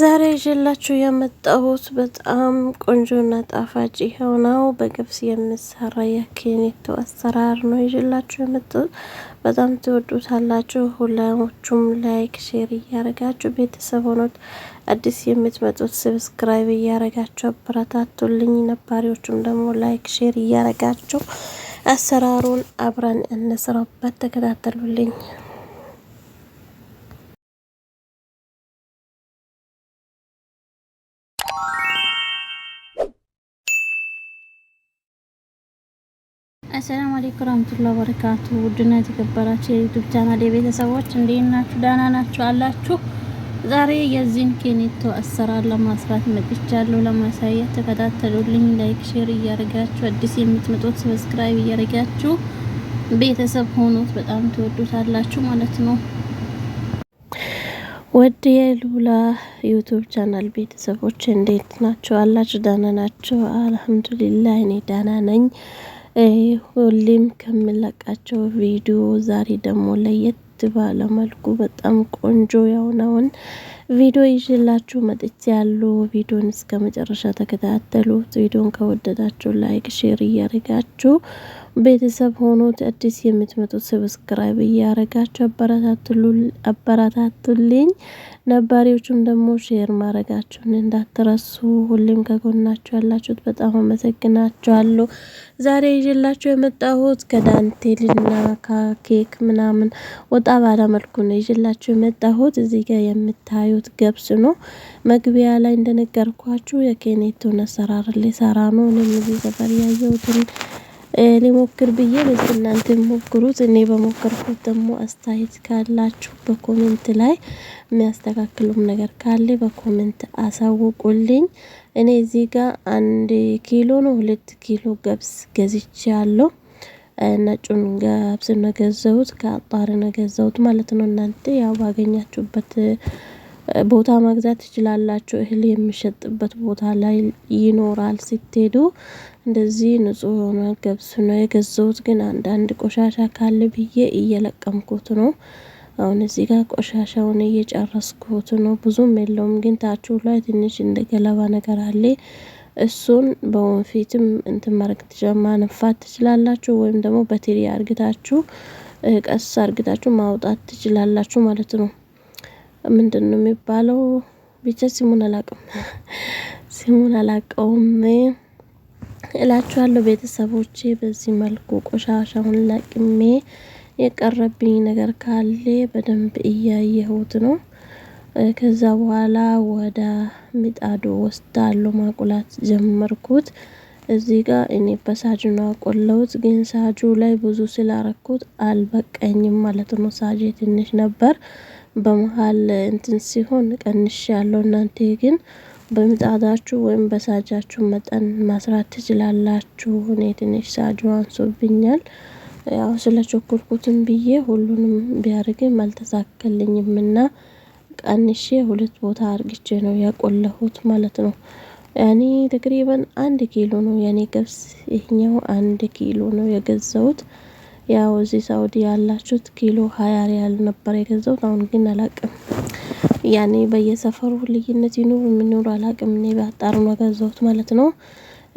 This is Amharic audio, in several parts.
ዛሬ ይዤላችሁ የመጣሁት በጣም ቆንጆና ጣፋጭ የሆነው በገብስ የሚሰራ የኬኔቶ አሰራር ነው ይዤላችሁ የመጣሁት። በጣም ትወዱታላችሁ። ሁላችሁም ላይክ፣ ሼር እያደረጋችሁ ቤተሰብ ሆኖት አዲስ የምትመጡት ሰብስክራይብ እያደረጋችሁ አበረታቱልኝ። ነባሪዎቹም ደግሞ ላይክ፣ ሼር እያደረጋችሁ አሰራሩን አብረን እንስራበት። ተከታተሉልኝ። አሰላሙ አለይኩም ወራህመቱላሂ ወበረካቱ። ውድና የተከበራችሁ የዩቲዩብ ቻናል ቤተሰቦች እንዴት ናችሁ? ደህና ናችሁ አላችሁ? ዛሬ የዚህን ኬኔቶ አሰራር ለማስራት መጥቻለሁ ለማሳየት። ተከታተሉልኝ። ላይክ፣ ሼር እያደረጋችሁ አዲስ የምትመጡት ሰብስክራይብ እያደረጋችሁ ቤተሰብ ሆኖት በጣም ትወዱታላችሁ ማለት ነው። ወድ የሉላ ዩቱብ ቻናል ቤተሰቦች እንዴት ናችሁ አላችሁ? ዳና ናቸው። አልሐምዱሊላህ እኔ ዳና ነኝ። ሁሌም ከምንለቃቸው ቪዲዮ ዛሬ ደግሞ ለየት ባለ መልኩ በጣም ቆንጆ የሆነውን ቪዲዮ ይዤላችሁ መጥቼ ያሉ ቪዲዮን እስከ መጨረሻ ተከታተሉ። ቪዲዮን ከወደዳችሁ ላይክ፣ ሼር እያደረጋችሁ ቤተሰብ ሆኖት አዲስ የምትመጡት ሰብስክራይብ እያደረጋችሁ አበረታቱልኝ። ነባሪዎቹም ደግሞ ሼር ማድረጋችሁን እንዳትረሱ። ሁሌም ከጎናችሁ ያላችሁት በጣም አመሰግናችኋለሁ። ዛሬ ይዤላችሁ የመጣሁት ከዳንቴልና ከኬክ ምናምን ወጣ ባለ መልኩ ነው ይዤላችሁ የመጣሁት እዚህ ጋር የምታዩ የምታዩት ገብስ ነው። መግቢያ ላይ እንደነገርኳችሁ የኬኔቶን አሰራር ልሰራ ነው። እኔም እዚህ ሰፈር ያየሁትን ሊሞክር ብዬ በዚህ እናንተ ሞክሩት። እኔ በሞከርኩት ደግሞ አስተያየት ካላችሁ በኮሜንት ላይ የሚያስተካክሉም ነገር ካለ በኮሜንት አሳውቁልኝ። እኔ እዚህ ጋር አንድ ኪሎ ነው ሁለት ኪሎ ገብስ ገዝቼ ያለው ነጩን ገብስ ነው ገዘሁት፣ ከአጣሪ ነው ገዘሁት ማለት ነው። እናንተ ያው ባገኛችሁበት ቦታ መግዛት ትችላላችሁ። እህል የሚሸጥበት ቦታ ላይ ይኖራል። ስትሄዱ እንደዚህ ንጹህ የሆነ ገብስ ነው የገዛሁት። ግን አንዳንድ ቆሻሻ ካለ ብዬ እየለቀምኩት ነው። አሁን እዚህ ጋር ቆሻሻውን እየጨረስኩት ነው። ብዙም የለውም፣ ግን ታችሁ ላይ ትንሽ እንደ ገለባ ነገር አለ። እሱን በወንፊትም እንትን ማድረግ ማነፋት ትችላላችሁ፣ ወይም ደግሞ በትሪ አርግታችሁ ቀስ አርግታችሁ ማውጣት ትችላላችሁ ማለት ነው። ምንድን ነው የሚባለው? ብቻ ስሙን አላውቅም ስሙን አላውቀውም። እላችኋለሁ ቤተሰቦቼ በዚህ መልኩ ቆሻሻውን ለቅሜ የቀረብኝ ነገር ካለ በደንብ እያየሁት ነው። ከዛ በኋላ ወደ ምጣዱ ወስዳለሁ ማቁላት ጀመርኩት። እዚህ ጋር እኔ በሳጁ ነው አቆለውት፣ ግን ሳጁ ላይ ብዙ ስላረኩት አልበቀኝም ማለት ነው። ሳጄ ትንሽ ነበር። በመሃል እንትን ሲሆን ቀንሽ ያለው እናንተ ግን በምጣዳችሁ ወይም በሳጃችሁ መጠን ማስራት ትችላላችሁ። እኔ ትንሽ ሳጁ አንሶብኛል። ያው ስለ ቸኮልኩትም ብዬ ሁሉንም ቢያደርግም አልተሳከልኝም እና ቀንሼ ሁለት ቦታ አርግቼ ነው ያቆለሁት ማለት ነው። ያኔ ተቅሪበን አንድ ኪሎ ነው የኔ ገብስ፣ ይህኛው አንድ ኪሎ ነው የገዛሁት። ያው እዚህ ሳውዲ ያላችሁት ኪሎ ሀያ ሪያል ነበር የገዛሁት። አሁን ግን አላቅም ያኔ በየሰፈሩ ልዩነት ይኑር የሚኖር አላቅም። እኔ በአጣሩ ነው ገዛሁት ማለት ነው።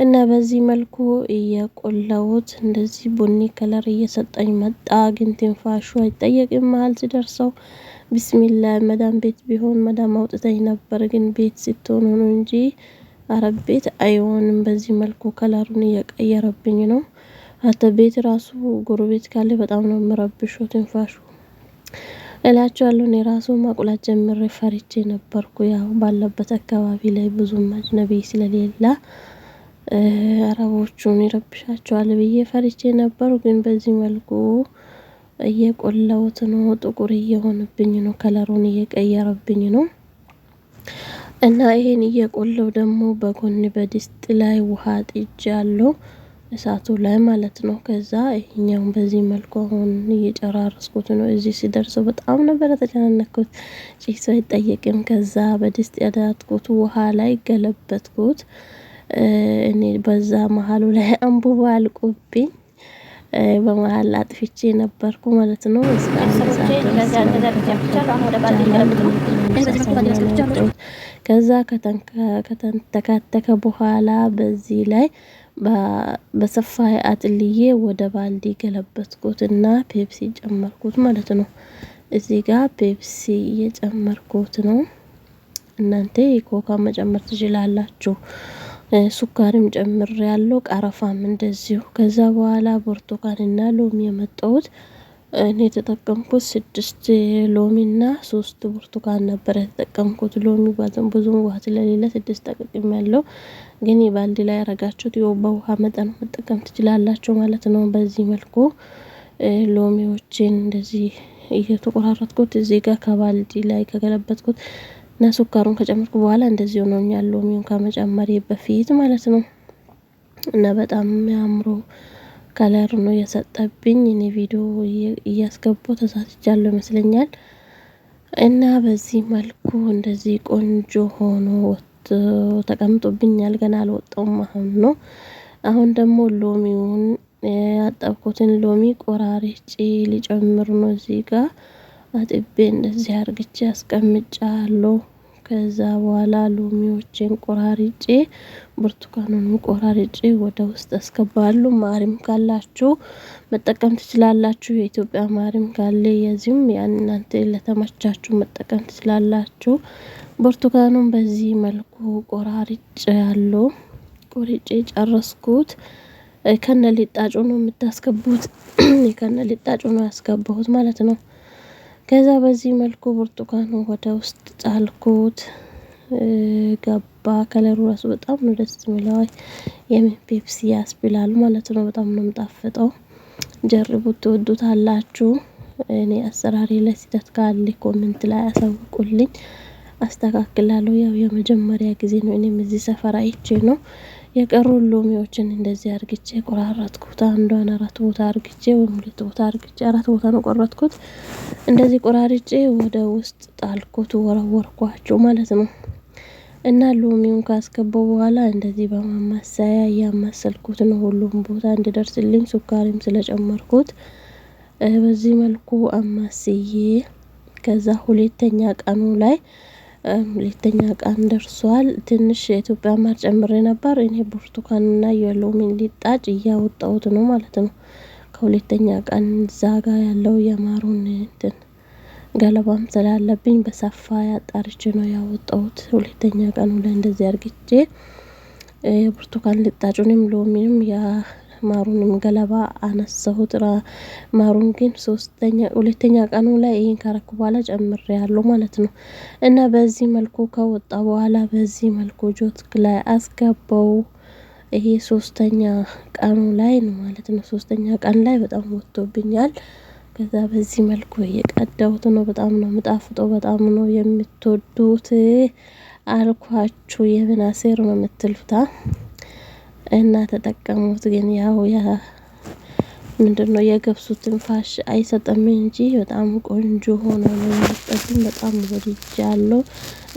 እና በዚህ መልኩ እየቆለውት እንደዚህ ቡኒ ከለር እየሰጠኝ መጣ። ግን ትንፋሹ አይጠየቅም። መሀል ሲደርሰው ቢስሚላ መዳም ቤት ቢሆን መዳም አውጥተኝ ነበር። ግን ቤት ስትሆን ሆኖ እንጂ አረብ ቤት አይሆንም። በዚህ መልኩ ከለሩን እየቀየረብኝ ነው። አተ ቤት ራሱ ጎረቤት ካለ በጣም ነው የምረብሸው ትንፋሹ እላችኋለሁ። እኔ ራሱ ማቁላት ጀምሬ ፈርቼ ነበርኩ። ያው ባለበት አካባቢ ላይ ብዙም አጅነቢ ስለሌላ አረቦቹን ይረብሻቸዋል ብዬ ፈርቼ ነበር። ግን በዚህ መልኩ እየቆለውት ነው። ጥቁር እየሆንብኝ ነው። ከለሩን እየቀየረብኝ ነው። እና ይሄን እየቆለው ደግሞ በጎን በድስት ላይ ውሃ ጥጃ አለው። እሳቱ ላይ ማለት ነው። ከዛ ይሄኛውን በዚህ መልኩ አሁን እየጨራረስኩት ነው። እዚህ ሲደርሰው በጣም ነበረ ተጨናነኩት። ጭሶ አይጠየቅም። ከዛ በድስት ያዳትኩት ውሃ ላይ ገለበጥኩት። እኔ በዛ መሀሉ ላይ አንቡባ አልቆብኝ በመሀል አጥፍቼ ነበርኩ ማለት ነው። ከዛ ከተንተካተከ በኋላ በዚህ ላይ በሰፋ አጥልዬ ወደ ባልዲ ገለበጥኩትና ፔፕሲ ጨመርኩት ማለት ነው። እዚህ ጋር ፔፕሲ እየጨመርኩት ነው። እናንተ ኮካ መጨመር ትችላላችሁ። ሱካሪም ጨምር ያለው ቀረፋም እንደዚሁ። ከዛ በኋላ ብርቱካንና ሎሚ የመጣሁት እኔ የተጠቀምኩት ስድስት ሎሚ ሎሚና ሶስት ብርቱካን ነበር የተጠቀምኩት። ሎሚ ብዙም ውሃ ስለሌለ ስድስት ጠቅቅም ያለው ግን የባልዲ ላይ ያረጋችሁት ይኸው በውሃ መጠን መጠቀም ትችላላችሁ ማለት ነው። በዚህ መልኩ ሎሚዎችን እንደዚህ እየተቆራረጥኩት እዚህ ጋር ከባልዲ ላይ ከገለበጥኩት እና ሱካሩን ከጨመርኩ በኋላ እንደዚህ ሆኖኛል። ሎሚውን ከመጨመር በፊት ማለት ነው። እና በጣም የሚያምሩ ከለር ነው የሰጠብኝ። እኔ ቪዲዮ እያስገባው ተሳትቻለሁ ይመስለኛል። እና በዚህ መልኩ እንደዚህ ቆንጆ ሆኖ ወጥ ተቀምጦብኛል ገና አልወጣውም አሁን ነው። አሁን ደግሞ ሎሚውን ያጠብኩትን ሎሚ ቆራርጬ ሊጨምር ነው እዚህ ጋር አጥቤ እንደዚህ አርግቼ አስቀምጫለሁ። ከዛ በኋላ ሎሚዎችን ቆራርጬ ብርቱካኑን ቆራርጬ ወደ ውስጥ አስገባለሁ። ማርም ካላችሁ መጠቀም ትችላላችሁ የኢትዮጵያ ማርም ካለ የዚህም ያን እናንተ ለተመቻችሁ መጠቀም ትችላላችሁ። ብርቱካኑን በዚህ መልኩ ቆራርጭ ያለው ቆርጬ ጨረስኩት። ከነ ሊጣጩ ነው የምታስገቡት። ከነ ሊጣጩ ነው ያስገባሁት ማለት ነው። ከዛ በዚህ መልኩ ብርቱካኑ ወደ ውስጥ ጫልኩት ገባ። ከለሩ ራሱ በጣም ነው ደስ የሚለው። የምን ፔፕሲ ያስብላል ማለት ነው። በጣም ነው የምጣፍጠው። ጀርቡት፣ ትወዱታላችሁ። እኔ አሰራሪ ላይ ስህተት ካለ ኮሜንት ላይ አሳውቁልኝ። አስተካክላለሁ። ያው የመጀመሪያ ጊዜ ነው እኔም እዚህ ሰፈር አይቼ ነው። የቀሩ ሎሚዎችን እንደዚህ አርግቼ ቆራረጥኩት። አንዷን አራት ቦታ አርግቼ ወይም ሁለት ቦታ አርግቼ አራት ቦታ ነው ቆረጥኩት። እንደዚህ ቆራርጬ ወደ ውስጥ ጣልኩት ወረወርኳቸው ማለት ነው። እና ሎሚውን ካስገባው በኋላ እንደዚህ በማማሰያ እያማሰልኩት ነው ሁሉም ቦታ እንዲደርስልኝ ሱካሪም ስለጨመርኩት በዚህ መልኩ አማስዬ ከዛ ሁለተኛ ቀኑ ላይ ሁለተኛ ቀን ደርሷል። ትንሽ የኢትዮጵያ ማር ጨምሬ ነበር። እኔ ብርቱካንና የሎሚ ልጣጭ እያወጣሁት ነው ማለት ነው። ከሁለተኛ ቀን ዛጋ ያለው የማሩን እንትን ገለባም ስላለብኝ በሰፋ ያጣርች ነው ያወጣሁት። ሁለተኛ ቀኑ ላይ እንደዚህ አርግቼ የብርቱካን ልጣጩንም ሎሚንም ያ ማሩንም ገለባ አነሳሁት። ማሩን ግን ሶስተኛ ሁለተኛ ቀኑ ላይ ይህን ካረኩ በኋላ ጨምሬ ያለው ማለት ነው። እና በዚህ መልኩ ከወጣ በኋላ በዚህ መልኩ ጆት ላይ አስገባው። ይሄ ሶስተኛ ቀኑ ላይ ነው ማለት ነው። ሶስተኛ ቀን ላይ በጣም ወጥቶብኛል። ከዛ በዚህ መልኩ እየቀደውት ነው። በጣም ነው የምጣፍጠው። በጣም ነው የምትወዱት አልኳችሁ። የምናሴር ነው የምትሉታ እና ተጠቀሙት። ግን ያው ምንድን ነው የገብሱ ትንፋሽ አይሰጥም እንጂ በጣም ቆንጆ ሆኖ ነው የሚጠቅም። በጣም ወድጃለሁ።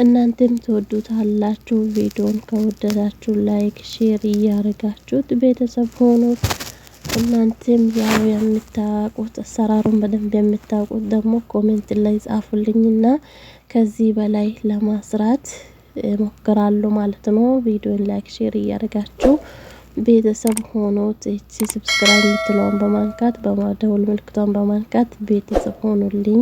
እናንተም ትወዱታላችሁ። ቪዲዮን ከወደዳችሁ ላይክ፣ ሼር እያደረጋችሁት ቤተሰብ ሆኖ እናንተም ያው የምታውቁት አሰራሩን በደንብ የምታውቁት ደግሞ ኮሜንት ላይ ጻፉልኝና ከዚህ በላይ ለማስራት ሞክራለሁ ማለት ነው። ቪዲዮን ላይክ፣ ሼር እያደረጋችሁ ቤተሰብ ሆኖ ቴቺ ስብስክራይብ የምትለውን በማንካት በማደውል ምልክቷን በማንካት ቤተሰብ ሆኑልኝ።